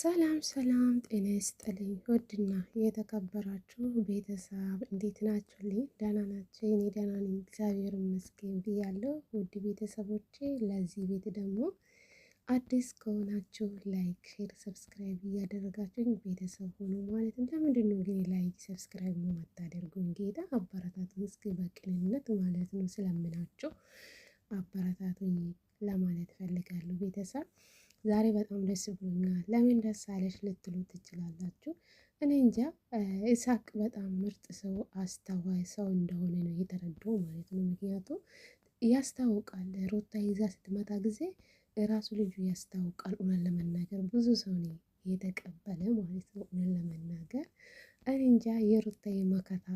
ሰላም ሰላም፣ ጤና ይስጥልኝ ውድና የተከበራችሁ ቤተሰብ እንዴት ናችሁልኝ? ደህና ናቸው። እኔ ደህና ነኝ እግዚአብሔር ይመስገን ብያለሁ። ውድ ቤተሰቦቼ ለዚህ ቤት ደግሞ አዲስ ከሆናችሁ ላይክ፣ ሼር፣ ሰብስክራይብ እያደረጋችሁኝ ቤተሰብ ሆኖ ማለት እንደምንድን ነው ግን ላይክ ሰብስክራይብ የማታደርጉኝ? ጌታ አበረታት እስኪ በቅንነት ማለት ነው ስለምናቸው አበረታቱኝ ለማለት ፈልጋለሁ ቤተሰብ ዛሬ በጣም ደስ ብሎኛል። ለምን ደስ አለሽ ልትሉ ትችላላችሁ። እኔ እንጃ ኢሳቅ በጣም ምርጥ ሰው፣ አስተዋይ ሰው እንደሆነ ነው የተረዳው ማለት ነው። ምክንያቱም ያስታውቃል። ሮታ ይዛ ስትመጣ ጊዜ ራሱ ልጁ ያስታውቃል። እውነት ለመናገር ብዙ ሰው ነው የተቀበለ ማለት ነው። እውነት ለመናገር እኔ እንጃ የሮታ መከታ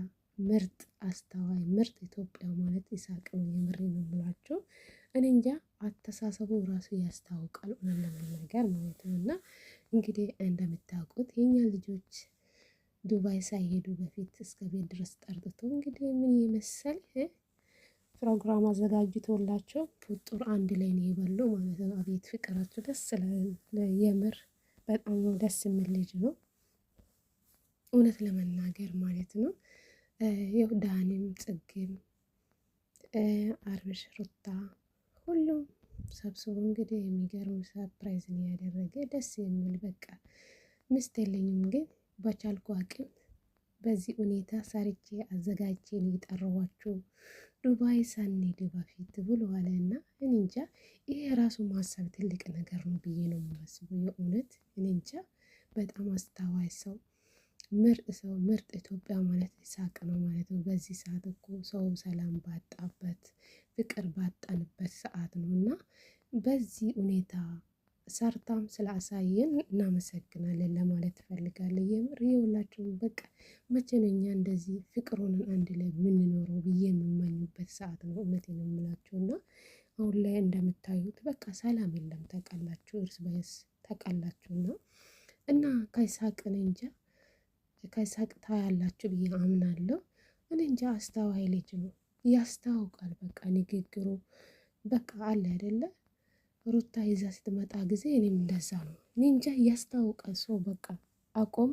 ምርጥ አስተዋይ ምርጥ ኢትዮጵያ ማለት ይሳቅ ነው። የምሬ ነው የምላቸው። እኔ እንጃ አተሳሰቡ ራሱ ያስታውቃል ምናምን ነገር ማለት ነው። እና እንግዲህ እንደምታውቁት የኛ ልጆች ዱባይ ሳይሄዱ በፊት እስከ ቤት ድረስ ጠርጥቶ እንግዲህ ምን ይመስል ፕሮግራም አዘጋጅቶላቸው ፍጡር አንድ ላይ ነው የበሉ ማለት ነው። አቤት ፍቅራቸው ደስ የምር በጣም ደስ የሚል ልጅ ነው እውነት ለመናገር ማለት ነው። ይው ዳኒም ጽጌም አብርሽ ሩታ ሁሉም ሰብስቦ እንግዲህ የሚገርም ሰርፕራይዝ ያደረገ ደስ የሚል በቃ ምስት የለኝም፣ ግን በቻልኩ አቅም በዚህ ሁኔታ ሰርቼ አዘጋጅቼ የጠራኋችሁ ዱባይ ሳንሄድ በፊት ብለዋል እና እንጃ ይሄ የራሱ ማሰብ ትልቅ ነገር ነው ብዬ ነው የማስበው። የእውነት እንጃ በጣም አስታዋይ ሰው ምርጥ ሰው ምርጥ ኢትዮጵያ ማለት ይሳቅ ነው ማለት ነው። በዚህ ሰዓት እኮ ሰው ሰላም ባጣበት ፍቅር ባጣንበት ሰዓት ነው እና በዚህ ሁኔታ ሰርታም ስላሳየን እናመሰግናለን ለማለት እፈልጋለሁ። የምር የሁላችሁም በቃ መቸነኛ እንደዚህ ፍቅር አንድ ላይ የምንኖረው ብዬ የምመኝበት ሰዓት ነው። እውነት ነው የምላችሁ እና አሁን ላይ እንደምታዩት በቃ ሰላም የለም። ታውቃላችሁ፣ እርስ በርስ ታውቃላችሁ እና እና ከይሳቅን እንጃ ከሳቅታ ያላችሁ ብዬ አምናለሁ። እኔ እንጂ አስተዋይ ልጅ ነው ያስታውቃል። በቃ ንግግሩ በቃ አለ አይደለ ሩታ ይዛ ስትመጣ ጊዜ እኔም እንደዛ ነው። እኔ እንጃ ያስታውቃል። ሰው በቃ አቆም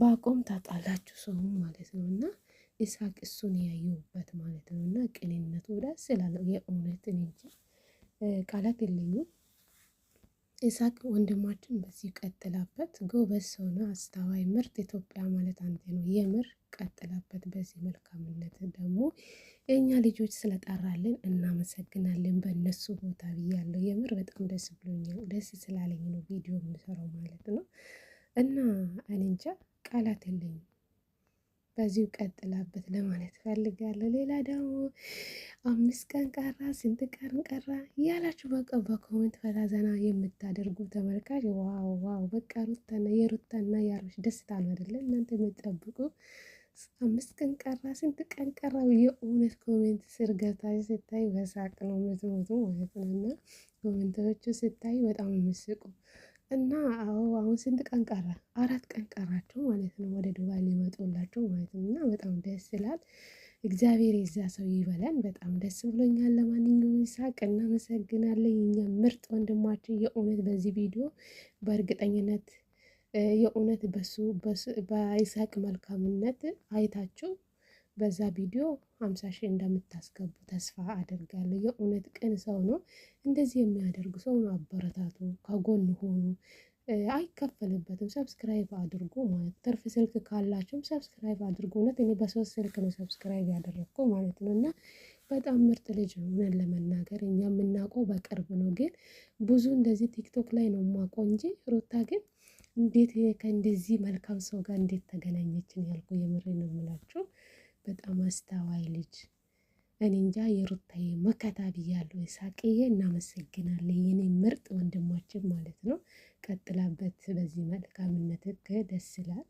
በአቆም ታጣላችሁ ሰው ማለት ነው እና ኢሳቅ እሱን ያየሁበት ማለት ነው እና ቅንነቱ ደስ ይላል የእውነት እንጂ ቃላት የለኝም። ኢሳቅ ወንድማችን በዚህ ቀጥላበት። ጎበዝ ሰውና አስተዋይ ምርጥ ኢትዮጵያ ማለት አንተ ነው። የምር ቀጥላበት። በዚህ መልካምነት ደግሞ የእኛ ልጆች ስለጠራልን እናመሰግናለን። በእነሱ ቦታ ብያለሁ። የምር በጣም ደስ ብሎኛል። ደስ ስላለኝ ነው ቪዲዮ የምሰራው ማለት ነው። እና እኔ እንጃ ቃላት የለኝም። በዚሁ ቀጥላበት ለማለት ፈልጋለሁ። ሌላ ደግሞ አምስት ቀን ቀራ፣ ስንት ቀን ቀራ እያላችሁ በቃ በኮሜንት ፈታዘና የምታደርጉ ተመልካች ዋው ዋው! በቃ ሩታና የሩታና የአብርሽ ደስታ ነው አይደለ? እናንተ የምጠብቁ አምስት ቀን ቀራ፣ ስንት ቀን ቀራ የእውነት ኮሜንት ስር ገብታችሁ ስታይ በሳቅ ነው ምትሞቱ ማለት ነው። እና ኮሜንቶቹ ስታይ በጣም ምስቁ እና አዎ አሁን ስንት ቀን ቀረ? አራት ቀን ቀራቸው ማለት ነው ወደ ዱባይ ሊመጡላቸው ማለት ነው። እና በጣም ደስ ይላል። እግዚአብሔር የዛ ሰው ይበለን። በጣም ደስ ብሎኛል። ለማንኛውም ይስሐቅ እናመሰግናለን። የኛ ምርጥ ወንድማችን የእውነት በዚህ ቪዲዮ በእርግጠኝነት የእውነት በሱ በይስሐቅ መልካምነት አይታችሁ በዛ ቪዲዮ ሀምሳ ሺህ እንደምታስገቡ ተስፋ አደርጋለሁ። የእውነት ቅን ሰው ነው። እንደዚህ የሚያደርግ ሰው ነው። አበረታቱ፣ ከጎን ሆኑ። አይከፈልበትም። ሰብስክራይብ አድርጉ ማለት ትርፍ ስልክ ካላችሁም ሰብስክራይብ አድርጉ። እውነት እኔ በሶስት ስልክ ነው ሰብስክራይብ ያደረግኩ ማለት ነው። እና በጣም ምርጥ ልጅ ሆነን ለመናገር እኛ የምናውቀው በቅርብ ነው፣ ግን ብዙ እንደዚህ ቲክቶክ ላይ ነው የማውቀው እንጂ ሩታ ግን እንዴት ከእንደዚህ መልካም ሰው ጋር እንዴት ተገናኘችን ያልኩ የምሬ ነው የምላችሁ። በጣም አስተዋይ ልጅ እኔ እንጃ የሩታዬ መከታ ብያለሁ። ይሳቅዬ እናመሰግናለን፣ የኔ ምርጥ ወንድማችን ማለት ነው። ቀጥላበት፣ በዚህ መልካምነት ደስ ይላል።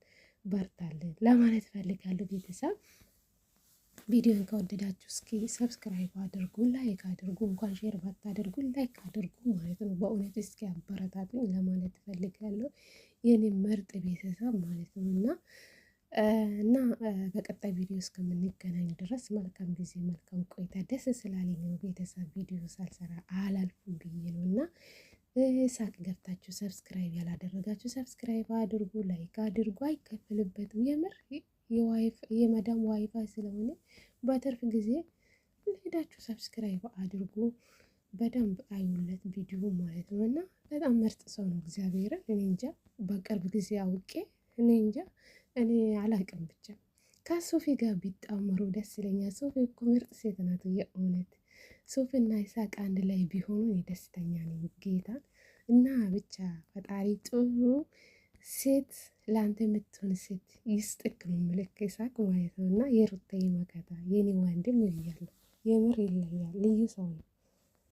በርታለን ለማለት ፈልጋለሁ። ቤተሰብ ቪዲዮን ከወደዳችሁ እስኪ ሰብስክራይብ አድርጉ፣ ላይክ አድርጉ፣ እንኳን ሼር ባታደርጉ ላይክ አድርጉ ማለት ነው። በእውነት እስኪ አበረታቱኝ ለማለት ፈልጋለሁ፣ የኔ ምርጥ ቤተሰብ ማለት ነው እና እና በቀጣይ ቪዲዮ እስከምንገናኝ ድረስ መልካም ጊዜ፣ መልካም ቆይታ። ደስ ስላለኝ ነው ቤተሰብ ቪዲዮ ሳልሰራ አላልኩም ብዬ ነው እና ሳቅ ገብታችሁ ሰብስክራይብ ያላደረጋችሁ ሰብስክራይብ አድርጉ፣ ላይክ አድርጉ። አይከፍልበትም የምር የመዳም ዋይፋይ ስለሆነ በትርፍ ጊዜ ሄዳችሁ ሰብስክራይብ አድርጉ። በደንብ አዩለት ቪዲዮ ማለት ነው እና በጣም ምርጥ ሰው ነው። እግዚአብሔርን እኔ እንጃ በቅርብ ጊዜ አውቄ እኔ እንጃ እኔ አላቅም። ብቻ ከሶፊ ጋር ቢጣመሩ ደስ ይለኛል። ሶፊ እኮ ምርጥ ሴት ናት። የእውነት ሶፊና ይሳቅ አንድ ላይ ቢሆኑ የደስተኛ ነኝ። ጌታ እና ብቻ ፈጣሪ ጥሩ ሴት ለአንተ የምትሆን ሴት ይስጥክ ነው ምልክ ይሳቅ ማለት ነው። እና የሩታ መከታ የኔ ወንድም ይለያል፣ የምር ይለያል። ልዩ ሰው ነው።